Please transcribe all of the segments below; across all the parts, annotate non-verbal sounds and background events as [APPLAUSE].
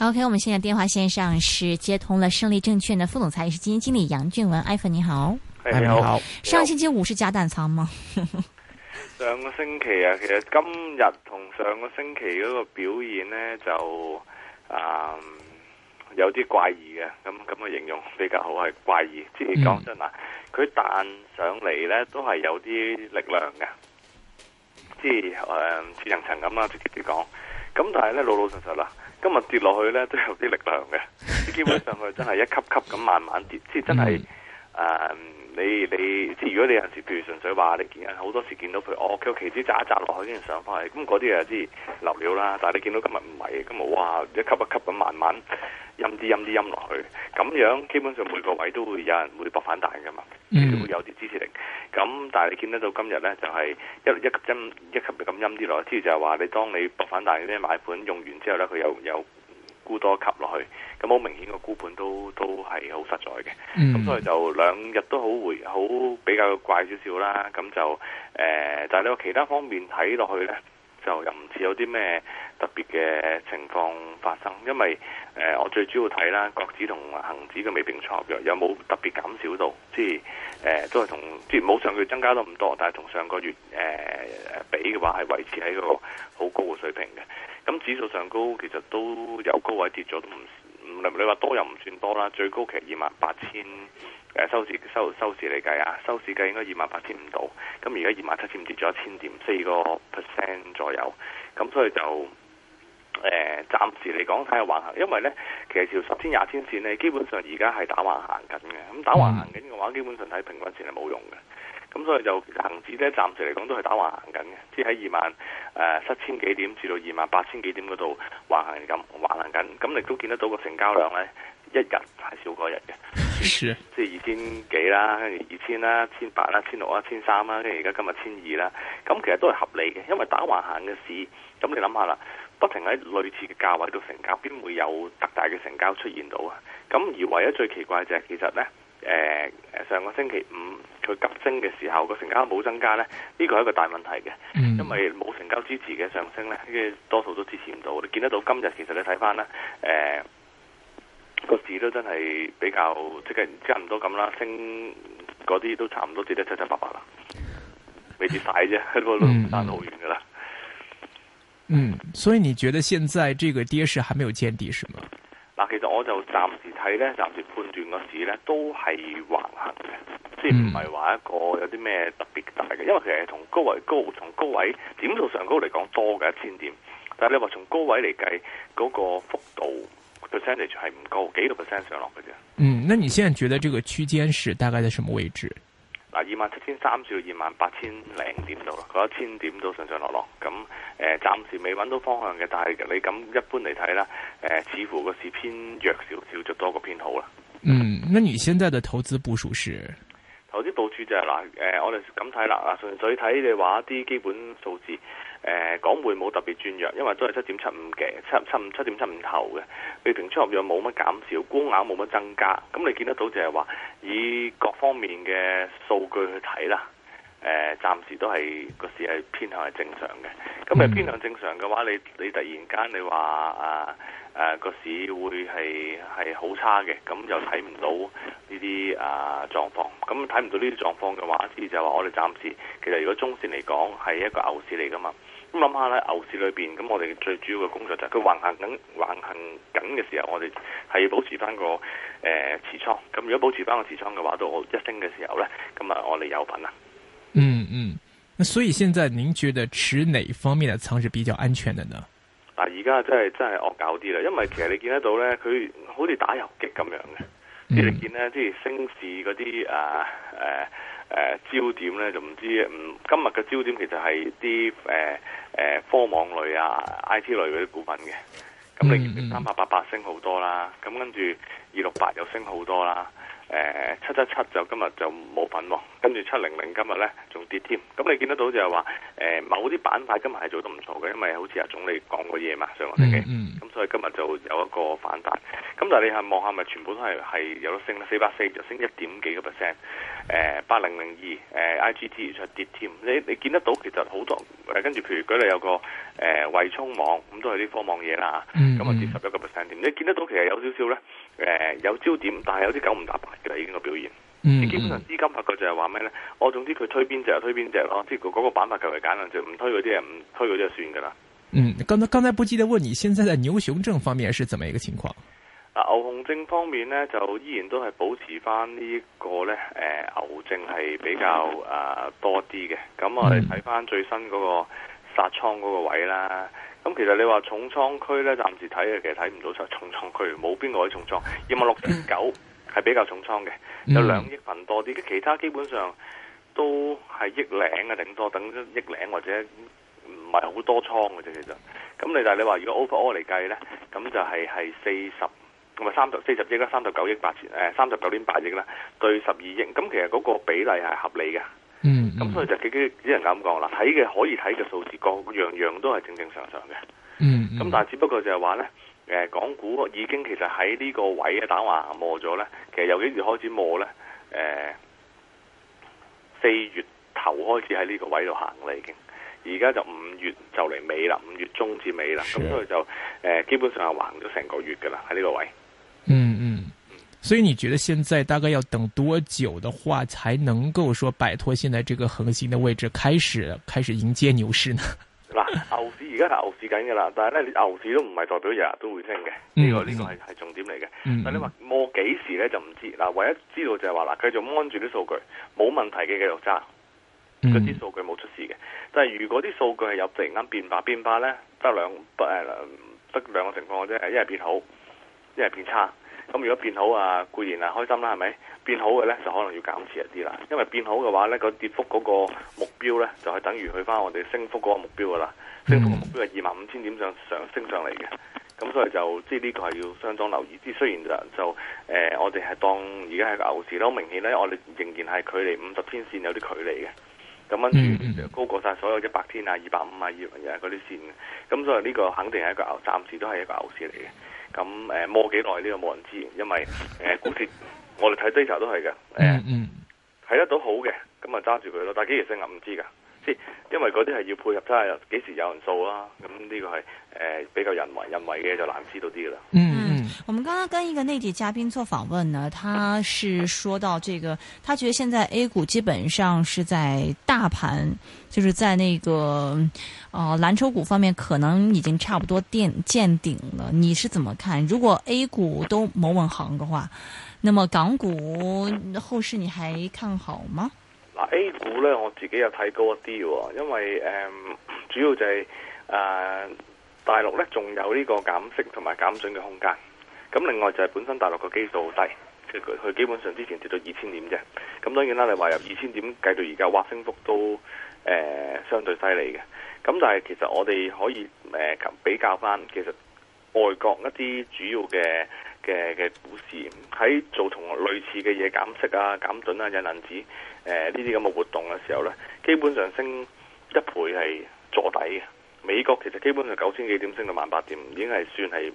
O.K.，我們現在電話線上是接通了勝利證券的副總裁，也是基金經理楊俊文。Evan 你，你好，你好。上星期五是加彈倉嗎？ [LAUGHS] 上個星期啊，其實今日同上個星期嗰個表現呢就啊有啲怪異嘅，咁咁嘅形容比較好係怪異。即係講真啦，佢、嗯、彈上嚟呢都係有啲力量嘅，即係誒似層層咁啦，直接啲講。咁但係咧老老實實啦。今日跌落去咧，都有啲力量嘅。基本上佢真係一級級咁慢慢跌，即係真係誒 [LAUGHS] 你你即係如果你有陣時，譬如純粹話你見好多時見到佢哦，佢個旗子扎一扎落去先上翻嚟，咁嗰啲即係流料啦。但係你見到今日唔係，咁冇哇一級一級咁慢慢陰啲陰啲陰落去，咁樣基本上每個位都會有人會博反彈嘅嘛，mm. 都會有啲支持力。咁但係你見得到今日咧，就係、係、一一,一,一級一級咁陰啲落去。之就係話你當你博反彈啲買盤用完之後咧，佢又有。有沽多吸落去，咁好明顯個沽盤都都係好實在嘅，咁所以就兩日都好回，好比較怪少少啦。咁就誒，但係你話其他方面睇落去咧。又唔似有啲咩特別嘅情況發生，因為誒、呃、我最主要睇啦，國指同恒指嘅未平倉合約有冇特別減少到，即係誒、呃、都係同即係冇上個月增加到咁多，但係同上個月誒、呃、比嘅話係維持喺一個好高嘅水平嘅。咁指數上高其實都有高位跌咗，都唔唔你話多又唔算多啦，最高其實二萬八千。誒收市收收市嚟計啊，收市計應該二萬八千五度，咁而家二萬七千五跌咗一千點，四個 percent 左右，咁所以就誒、呃、暫時嚟講睇下橫行，因為咧其實條十天廿天線咧，基本上而家係打橫行緊嘅，咁打橫行緊嘅話，基本上睇平均線係冇用嘅，咁所以就恆指咧暫時嚟講都係打橫行緊嘅，即係喺二萬誒七千幾點至到二萬八千幾點嗰度橫行咁橫行緊，咁你都見得到個成交量咧。一日係少過一日嘅， [LAUGHS] 即係二千幾啦，跟住二千啦，千八啦，千六啦，千三啦，跟住而家今日千二啦，咁其實都係合理嘅，因為打橫行嘅市，咁你諗下啦，不停喺類似嘅價位度成交，邊會有特大嘅成交出現到啊？咁而唯一最奇怪就係其實呢，誒、呃、上個星期五佢急升嘅時候，個成交冇增加呢，呢個係一個大問題嘅，嗯、因為冇成交支持嘅上升呢，跟住多數都支持唔到，你見得到今日其實你睇翻啦。誒、呃。個市都真係比較即係差唔多咁啦，升嗰啲都差唔多跌得七七八八啦，未跌晒啫， [LAUGHS] 嗯、都落翻好遠噶啦。嗯，所以你覺得現在這個跌勢還沒有見底是嗎？嗱，其實我就暫時睇咧，暫時判斷個市咧都係橫行嘅，即係唔係話一個有啲咩特別大嘅， [LAUGHS] 因為其實同高，高，高位高同高位點數上高嚟講多嘅一千點，但係你話從高位嚟計嗰個幅度。percentage 係唔夠幾個 percent 上落嘅啫。嗯，那你現在覺得這個區間是大概在什麼位置？嗱、嗯，二萬七千三至二萬八千零點度咯，嗰一千點都上上落落。咁誒，暫時未揾到方向嘅，但係你咁一般嚟睇啦，誒，似乎個市偏弱少少，就多個偏好啦。嗯，那你現在的投資部署是？嗯、投資部署就係嗱，誒，我哋咁睇啦，純粹睇嘅話啲基本數字。誒、呃、港匯冇特別轉弱，因為都係七點七五嘅，七七五七點七五頭嘅，平出入量冇乜減少，高壓冇乜增加，咁你見得到就係話，以各方面嘅數據去睇啦。誒、呃，暫時都係個市係偏向係正常嘅。咁誒，偏向正常嘅話，你你突然間你話啊誒個、啊、市會係係好差嘅，咁又睇唔到呢啲啊狀況，咁睇唔到呢啲狀況嘅話，所以就係話我哋暫時其實如果中線嚟講係一個牛市嚟噶嘛。咁諗下咧，牛市裏邊，咁我哋最主要嘅工作就係佢橫行緊，橫行緊嘅時候，我哋係要保持翻個誒持倉。咁、呃、如果保持翻個持倉嘅話，到我一升嘅時候咧，咁啊，我哋有品啦。嗯嗯，所以現在您覺得持哪方面的倉是比較安全嘅呢？嗱，而家真係真係惡搞啲啦，因為其實你見得到咧，佢好似打游擊咁樣嘅，即係你見咧，即係升市嗰啲誒。誒、呃、焦點咧就唔知，唔、嗯、今日嘅焦點其實係啲誒誒科網類啊、mm hmm. IT 類嗰啲股份嘅。咁你三八八八升好多啦，咁跟住二六八又升好多啦。誒七七七就今日就冇份喎，跟住七零零今日咧仲跌添。咁你見得到就係話誒某啲板塊今日係做得唔錯嘅，因為好似阿總理講過嘢嘛上個星期，咁、mm hmm. 所以今日就有一個反彈。咁但係你係望下咪全部都係有得升啦，四百四就升一點幾個 percent。誒，八零零二誒，I G T 出跌添，你你見得到其實好多誒，跟住譬如舉例有個誒，慧、呃、聰網咁都係啲科網嘢啦，咁啊、嗯嗯、跌十一個 percent 點，你見得到其實有少少咧，誒、呃、有焦點，但係有啲九唔搭八嘅啦，呢個表現，嗯、你基本上資金格局就係話咩咧，我總之佢推邊隻、啊、就，是、就，就推邊隻咯，即係嗰個板塊佢嚟揀能就唔推嗰啲啊唔推嗰啲就算噶啦。嗯，剛才剛才不記得問你，現在在牛熊證方面是怎麼一個情況？牛熊證方面咧，就依然都係保持翻、這、呢個咧、呃，牛證係比較、呃、多啲嘅。咁我哋睇翻最新嗰個殺倉嗰個位啦。咁其實你話重倉區咧，暫時睇嘅其實睇唔到重倉區，冇邊個喺重倉。二萬六千九係比較重倉嘅， [LAUGHS] 有兩億份多啲。其他基本上都係億多領啊，頂多等億領或者唔係好多倉嘅啫。其實咁你，但係你話如果 overall 嚟計咧，咁就係係四十。同埋三十四十億啦，三十九億八千，呃、三十九點八億啦，對十二億，咁其實嗰個比例係合理嘅、嗯。嗯。咁所以就只能夠咁講啦，睇嘅可以睇嘅數字，各樣樣都係正正常常嘅、嗯。嗯。咁但係只不過就係話咧，呃、港股已經其實喺呢個位打橫行磨咗咧，其實由幾時開始磨咧？呃、四月頭開始喺呢個位度行啦已經，而家就五月就嚟尾啦，五月中至尾啦，咁所以就、呃、基本上係橫咗成個月㗎啦，喺呢個位。嗯嗯，所以你覺得現在大概要等多久的話，才能夠說擺脫現在這個橫行的位置，開始開始迎接牛市呢？嗱，牛市而家牛市緊嘅啦，但係咧，牛市都唔係代表日日都會升嘅，呢、這個呢個係係重點嚟嘅。嗯、但係你話摸幾時咧就唔知，嗱，唯一知道就係話嗱，繼續摸住啲數據，冇問題嘅繼續揸，啲數據冇出事嘅。但係如果啲數據係有突然間變化變化咧，得兩不誒、呃，得兩個情況或者係一係變好。即係變差，咁如果變好啊，固然係開心啦，係咪？變好嘅呢，就可能要減持一啲啦。因為變好嘅話呢個跌幅嗰個目標呢，就係等於去翻我哋升幅嗰個目標噶啦。升幅嘅目標係二萬五千點上上升上嚟嘅，咁、嗯、所以就即係呢個係要相當留意。即係雖然就誒、呃，我哋係當而家係個牛市啦，好明顯呢，我哋仍然係距離五十天線有啲距離嘅。咁跟住高過晒所有嘅百天啊、二百五啊、二萬嘢嗰啲線，咁所以呢個肯定係一個牛，暫時都係一個牛市嚟嘅。咁誒摸幾耐呢個冇人知，因為誒股、呃、市 [LAUGHS] 我哋睇 data 都係嘅，誒、呃、嗯睇、嗯、得到好嘅，咁啊揸住佢咯。但係幾時升銀唔知㗎，即係因為嗰啲係要配合睇下幾時有人做啦、啊、咁、嗯、呢、這個係誒、呃、比較人為人為嘅就難知道啲㗎啦。嗯我們剛剛跟一個內地嘉賓做訪問呢，他是說到這個，他覺得現在 A 股基本上是在大盤，就是在那個呃藍籌股方面可能已經差不多墊見，見頂了。你是怎麼看？如果 A 股都沒穩行的話，那麼港股後市你還看好嗎？那 A 股呢，我自己又睇高一啲，哦，因為誒、呃，主要就係、是、啊、呃，大陸呢，仲有呢個減息同埋減準嘅空間。咁另外就係本身大陸個基數好低，佢佢基本上之前跌到二千點啫。咁當然啦，你話由二千點計到而家，哇，升幅都誒、呃、相對犀利嘅。咁但係其實我哋可以誒比較翻，其實外國一啲主要嘅嘅嘅股市喺做同類似嘅嘢減息啊、減準啊、引臨止呢啲咁嘅活動嘅時候咧，基本上升一倍係坐底嘅。美國其實基本上九千幾點升到萬八點，已經係算係。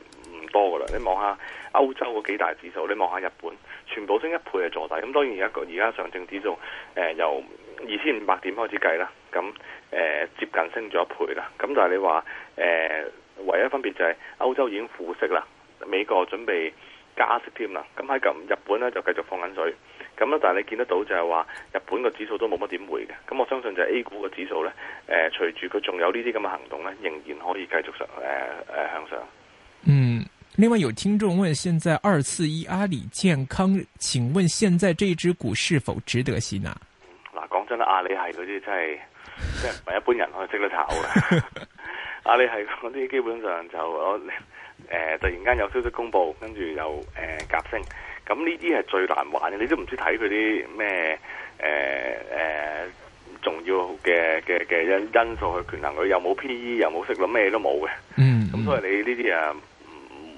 看看多噶啦，你望下歐洲嗰幾大指數，你望下日本，全部升一倍係坐底。咁當然而家而家上證指數，誒、呃、由二千五百點開始計啦，咁、呃、誒接近升咗一倍啦。咁但係你話誒、呃、唯一分別就係歐洲已經負息啦，美國準備加息添啦，咁喺咁日本咧就繼續放緊水。咁咧但係你見得到就係話日本個指數都冇乜點回嘅。咁我相信就係 A 股個指數咧，誒隨住佢仲有呢啲咁嘅行動咧，仍然可以繼續上誒誒、呃呃、向上。另外有聽眾問：現在二四一阿里健康，請問現在這支股是否值得吸納啊？嗱，講真啦，阿里系嗰啲真係即係唔係一般人可以識得炒嘅。 [LAUGHS] 阿里系嗰啲基本上就我誒、呃、突然間有消息公布，跟住又誒急升，咁呢啲係最難玩嘅。你都唔知睇佢啲咩誒誒重要嘅嘅嘅因因素，去權衡佢，又冇 PE，又冇息率，咩都冇嘅。嗯，咁所以你呢啲啊。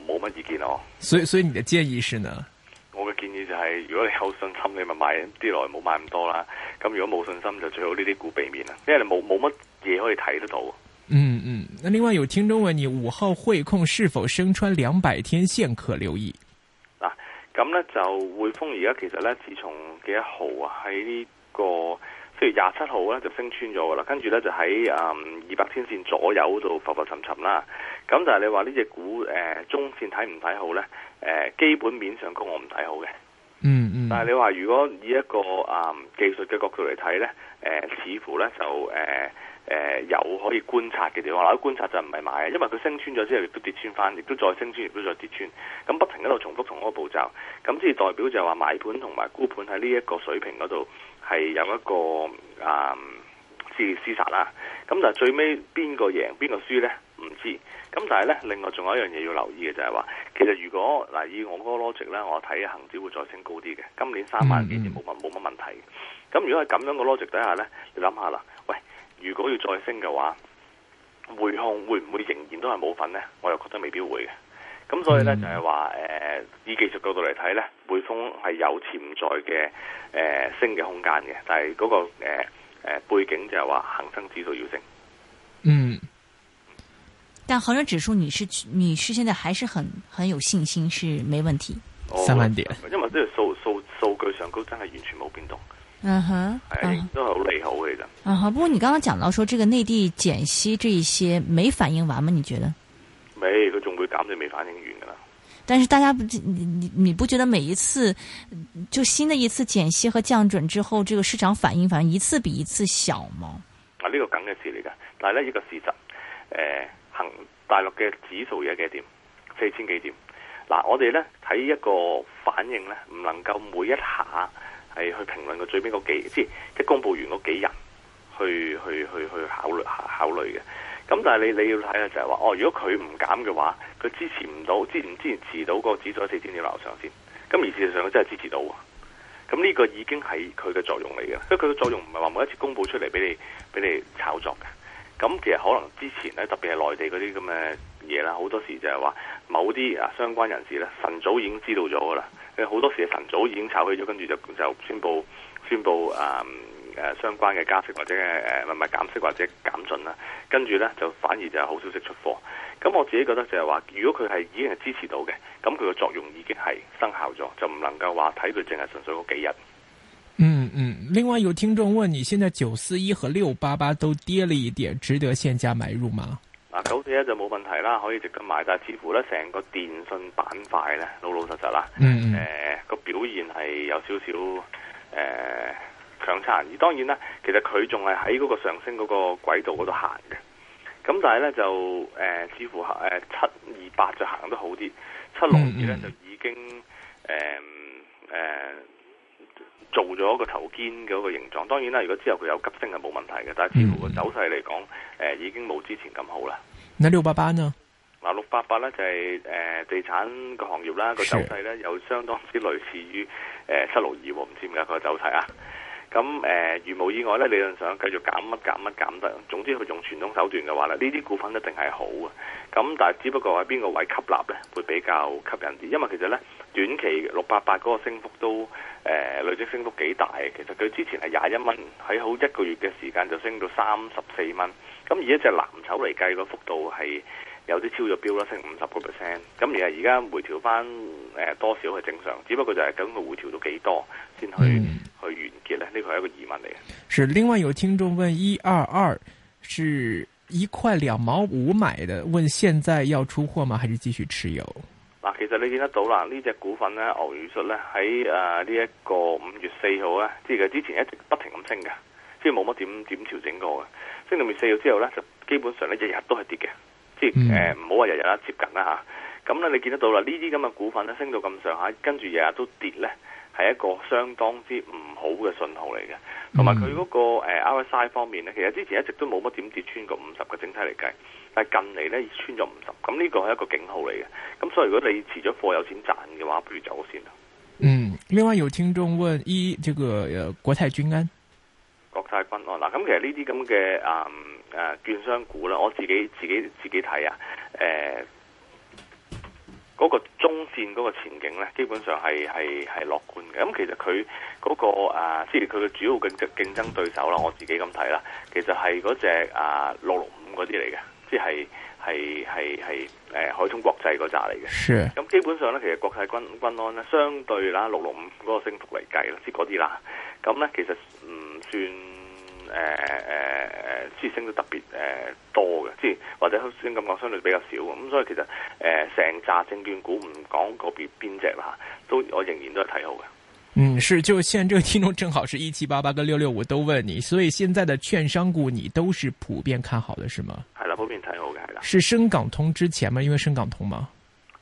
冇乜意見哦、啊，所以所以你嘅建議是呢？我嘅建議就係、是、如果你有信心，你咪買啲耐，冇買咁多啦。咁如果冇信心，就最好呢啲股避免啦。因為你冇冇乜嘢可以睇得到。嗯嗯，那另外有聽眾問你，五號匯控是否身穿兩百天線可留意？嗱、啊，咁咧就匯豐而家其實咧，自從幾號啊喺呢、這個。譬如廿七號咧就升穿咗噶啦，跟住咧就喺誒二百天線左右度浮浮沉沉啦。咁但係你話呢隻股誒、呃、中線睇唔睇好咧？誒、呃、基本面上講我唔睇好嘅、嗯。嗯嗯。但係你話如果以一個誒、呃、技術嘅角度嚟睇咧，誒、呃、似乎咧就誒誒、呃呃、有可以觀察嘅地方。嗱，有觀察就唔係買，因為佢升穿咗之後，亦都跌穿翻，亦都再升穿，亦都再跌穿，咁不停喺度重複同一個步驟，咁即係代表就係話買盤同埋沽盤喺呢一個水平嗰度。係有一個、嗯、私私殺啊即係廝殺啦。咁但係最尾邊個贏邊個輸呢？唔知。咁但係呢，另外仲有一樣嘢要留意嘅就係話，其實如果嗱以我嗰個邏輯呢，我睇恒指會再升高啲嘅。今年三萬幾點冇冇乜問題。咁、嗯嗯、如果係咁樣個邏輯底下呢，你諗下啦。喂，如果要再升嘅話，滙控會唔會仍然都係冇份呢？我又覺得未必會嘅。咁、嗯、所以咧就係話誒，以技術角度嚟睇咧，匯豐係有潛在嘅誒、呃、升嘅空間嘅，但係、嗰個誒誒、呃呃、背景就係話恒生指數要升。嗯，但恒生指數，你是你是現在還是很很有信心，是沒問題。哦、三萬點，因為呢個數數數據上高真係完全冇變動。嗯哼，係都係好利好嘅啫。啊，不過你剛剛講到說，這個內地減息，這一些沒反應完嗎？你覺得？誒，佢仲、哎、會減，你未反應完噶啦。但是大家，你你你不覺得每一次就新的一次減息和降準之後，這個市場反應，反而一次比一次小嗎？啊，呢個梗嘅事嚟噶。但係呢一、這個事實，誒、呃，大陸嘅指數有幾點？四千幾點？嗱、啊，我哋呢睇一個反應呢，唔能夠每一下係去評論個最邊個幾，即係即係公布完個幾日去去去去考慮考慮嘅。咁但係你你，要睇咧，就係話哦，如果佢唔減嘅話，佢支持唔到，支唔支持到個指數喺四千點樓上先。咁而事實上佢真係支持到喎。咁呢個已經係佢嘅作用嚟嘅，因為佢嘅作用唔係話每一次公佈出嚟俾你俾你炒作嘅。咁其實可能之前咧，特別係內地嗰啲咁嘅嘢啦，好多時就係話某啲啊相關人士咧，晨早已經知道咗噶啦，好多時係晨早已經炒起咗，跟住就就宣佈宣布、嗯誒、呃，相關嘅加息或者誒，唔唔係減息或者減準啦，跟住咧就反而就係好消息出貨。咁我自己覺得就係話，如果佢係已經係支持到嘅，咁佢嘅作用已經係生效咗，就唔能夠話睇佢淨係純粹嗰幾日。嗯嗯，另外有聽眾問，你現在九四一和六八八都跌了一點，值得現價買入嗎？啊，九四一就冇問題啦，可以直接買。但係似乎咧，成個電信板塊咧，老老實實啦。嗯嗯。誒、呃，個、嗯呃、表現係有少少誒。呃強差而已，當然啦，其實佢仲係喺嗰個上升嗰個軌道嗰度行嘅。咁但係咧就誒，似、呃、乎誒、呃、七二八就行得好啲，七六二咧就已經誒誒、呃呃、做咗個頭肩嘅嗰個形狀。當然啦，如果之後佢有急升係冇問題嘅，但係似乎個走勢嚟講，誒已經冇之前咁好啦。嗱六八八啊，嗱六八八咧就係誒地產個行業啦，個走勢咧又相當之類似於誒、呃、七六二，唔知點解個走勢啊？咁誒、呃，如無意外咧，理論上繼續減乜減乜減得。總之佢用傳統手段嘅話咧，呢啲股份一定係好。咁但係只不過喺邊個位吸納咧，會比較吸引啲。因為其實咧，短期六八八嗰個升幅都誒、呃、累積升幅幾大。其實佢之前係廿一蚊，喺好一個月嘅時間就升到三十四蚊。咁而一隻藍籌嚟計，個幅度係有啲超咗標啦，升五十個 percent。咁而係而家回調翻、呃、多少係正常，只不過就係咁佢回調到幾多先去。嗯係一個疑問嚟嘅，是另外有聽眾問：一二二是一塊兩毛五買的，問現在要出貨嗎？還是繼續持有？嗱，其實你見得到啦，呢隻股份咧，牛宇碩咧喺誒呢一、呃這個五月四號咧，即係之前一直不停咁升嘅，即係冇乜點點調整過嘅。升到五月四號之後咧，就基本上咧日日都係跌嘅，即係誒唔好話日日啦，接近啦吓。咁咧你見得到啦，呢啲咁嘅股份咧，升到咁上下，跟住日日都跌咧。係一個相當之唔好嘅信號嚟嘅，同埋佢嗰個誒 RSI 方面呢，其實之前一直都冇乜點跌穿過五十嘅整體嚟計，但係近嚟呢，穿咗五十，咁、這、呢個係一個警號嚟嘅，咁所以如果你持咗貨有錢賺嘅話，不如先走先啦。嗯，另外有聽眾問：依這個國泰君安，國泰君安嗱，咁其實呢啲咁嘅誒誒券商股啦，我自己自己自己睇啊，誒、呃。嗰個中線嗰個前景咧，基本上係係係樂觀嘅。咁、嗯、其實佢嗰、嗰個啊，即係佢嘅主要競爭競爭對手啦。我自己咁睇啦，其實係嗰隻啊六六五嗰啲嚟嘅，即係係係係海通國際嗰扎嚟嘅。咁 Sure.、嗯、基本上咧，其實國泰君君安咧，相對啦六六五嗰個升幅嚟計啦，即係嗰啲啦，咁咧其實唔算。誒誒誒誒，支撐、呃呃、都特別誒、呃、多嘅，即係或者先咁講，相對比較少咁、嗯、所以其實誒成紮證券股唔講個別邊隻啦，都我仍然都係睇好嘅。嗯，是，就現在這個聽眾正好是一七八八跟六六五都問你，所以現在嘅券商股你都是普遍看好嘅，是嗎？係啦，普遍睇好嘅係啦。是，是深港通之前嘛？因為深港通嘛，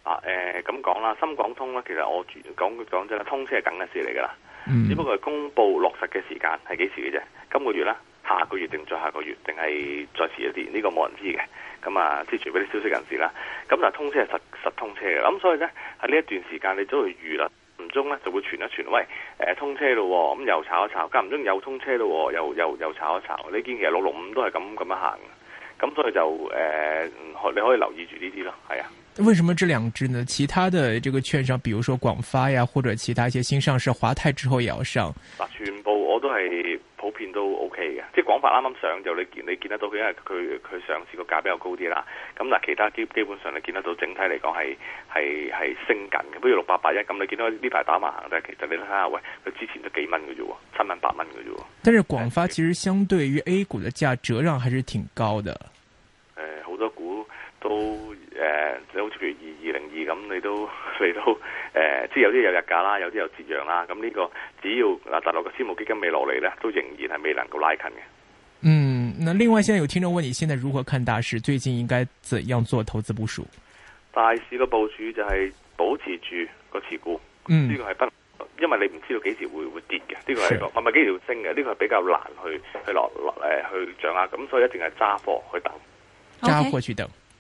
啊誒咁講啦，深港通咧，其實我講講真啦，通車係梗嘅事嚟噶啦，嗯、只不過係公布落實嘅時間係幾時嘅啫。今個月啦，下個月定再下個月，定係再遲一啲，呢個冇人知嘅。咁啊，即係傳俾啲消息人士啦。咁但係通車係實實通車嘅。咁所以咧喺呢一段時間，你都去預啦，唔中咧就會傳一傳，喂，誒通車咯，咁又炒一炒，間唔中又通車咯，又又又炒一炒。呢件其實六六五都係咁咁樣行嘅。咁所以就誒，你可以留意住呢啲咯，係啊。為什麼這兩隻呢？其他的這個券商，比如說廣發呀，或者其他一些新上市，華泰之後也要上。嗱，全部我都係。片都 OK 嘅，即係廣發啱啱上就你見你見得到佢，因為佢佢上市個價比較高啲啦。咁嗱，其他基基本上你見得到整體嚟講係係係升緊嘅，不如六八八一咁，你見到呢排打麻行，但係，其實你睇下，喂佢之前都幾蚊嘅啫，七蚊八蚊嘅啫。但是廣發其實相對於 A 股嘅價折讓還是挺高的。誒，好多股都。你好似二二零二咁，你都你都誒，即係有啲有溢價啦，有啲有折讓啦。咁呢個只要嗱大陸嘅私募基金未落嚟咧，都仍然係未能夠拉近嘅。嗯，那另外，現在有聽眾問，你現在如何看大市？最近應該怎樣做投資部署？大市嘅部署就係保持住個持股，呢個係不，因為你唔知道幾時會會跌嘅，呢、這個係一個，唔係是幾條升嘅，呢、這個係比較難去去落落嚟、呃、去掌握，咁所以一定係揸貨去等，揸貨 Okay. 去等。